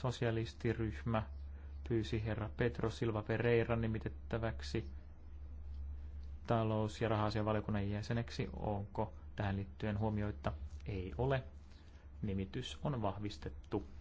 sosialistiryhmä pyysi herra Petro Silva Pereira nimitettäväksi talous- ja raha jäseneksi. Onko tähän liittyen huomioita? Ei ole. Nimitys on vahvistettu.